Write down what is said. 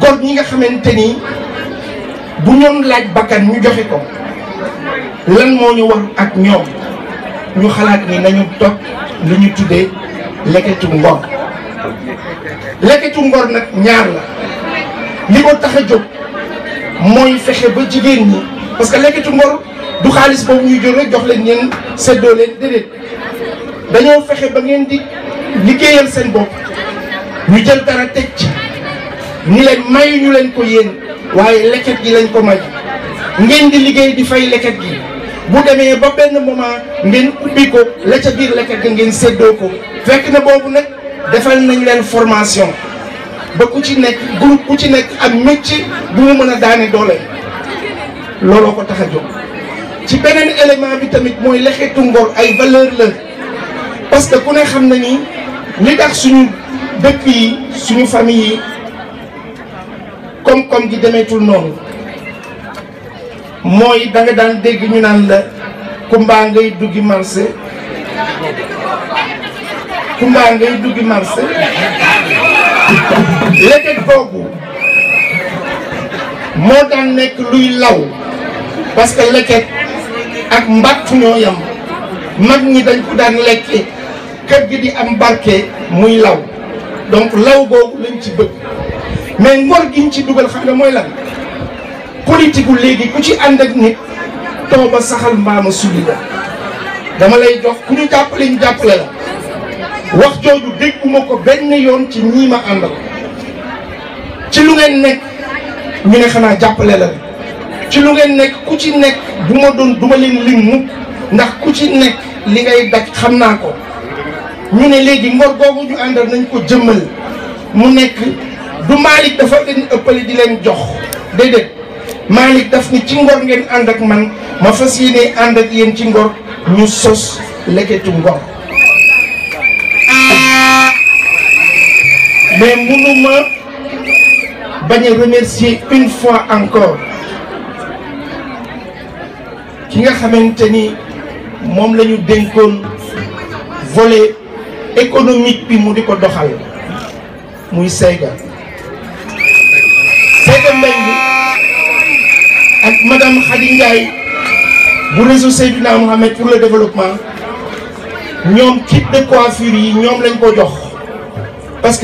góor ñi nga xamante ni bu ñoom laaj bakkan ñu joxe ko lan moo ñu war ak ñoom ñu xalaat ni nañu toog lu ñu tuddee leketu ngor leketu ngor nag ñaar la li ko tax a jóg mooy fexe ba jigéen ñi parce que leketu ngor du xaalis boobu ñuy jël rek jox leen ngeen seddoo leen déedéet dañoo fexe ba ngeen di liggéeyal seen bopp ñu jël dara teg ci ni leen mayu ñu leen ko yéen waaye leket gi lañ ko may ngeen di liggéey di fay leket gi bu demee ba benn moment ngeen ubbi ko la ca biir leket ga ngeen séddoo ko fekk na boobu nag defal nañ leen formation ba ku ci nekk groupe ku ci nekk ak métier bu mu mën a daane doole looloo ko tax a jóg ci beneen élément bi tamit mooy leketu ngor ay valeur la parce que ku ne xam na ni li tax suñu dëkk yi suñu famille yi koom-koom gi demeetul noonu mooy da daan dégg ñu naan la kumbaa ngay duggi marché kumbaa ngay duggi marché lekket boobu moo daan nekk luy law parce que lekket ak mbàtt ñoo yam mag ñi dañ ko daan lekke kër gi di am barke muy law donc law boobu lañ ci bëgg mais ngor giñ ci dugal xam mooy lan politique gu léegi ku ci ànd ak nit tooba saxal mbaama suli la dama lay jox ku ñu jàppale ñu jàppale la wax jooju dégguma ko benn yoon ci ñii ma àndal ci lu ngeen nekk ñu ne xanaa jàppale la ci lu ngeen nekk ku ci nekk bu ma doon duma leen lim mukk ndax ku ci nekk li ngay daj xam naa ko ñu ne léegi ngor googu ñu àndal nañ ko jëmmal mu nekk du Malick dafa leen ëppale di leen jox déedéet Malick daf ni ci ngor ngeen ànd ak man ma fas yéene ànd ak yéen ci ngor ñu sos leketu ngor mais mënuma bañ remercier une fois encore ki nga xamante ni moom lañu ñu dénkoon volet économique bi mu di ko doxal muy Seyga Madame Khady Ndiaye bu réseau Seydina Mohamed pour le développement nous sommes quittés de coiffure nous sommes lañ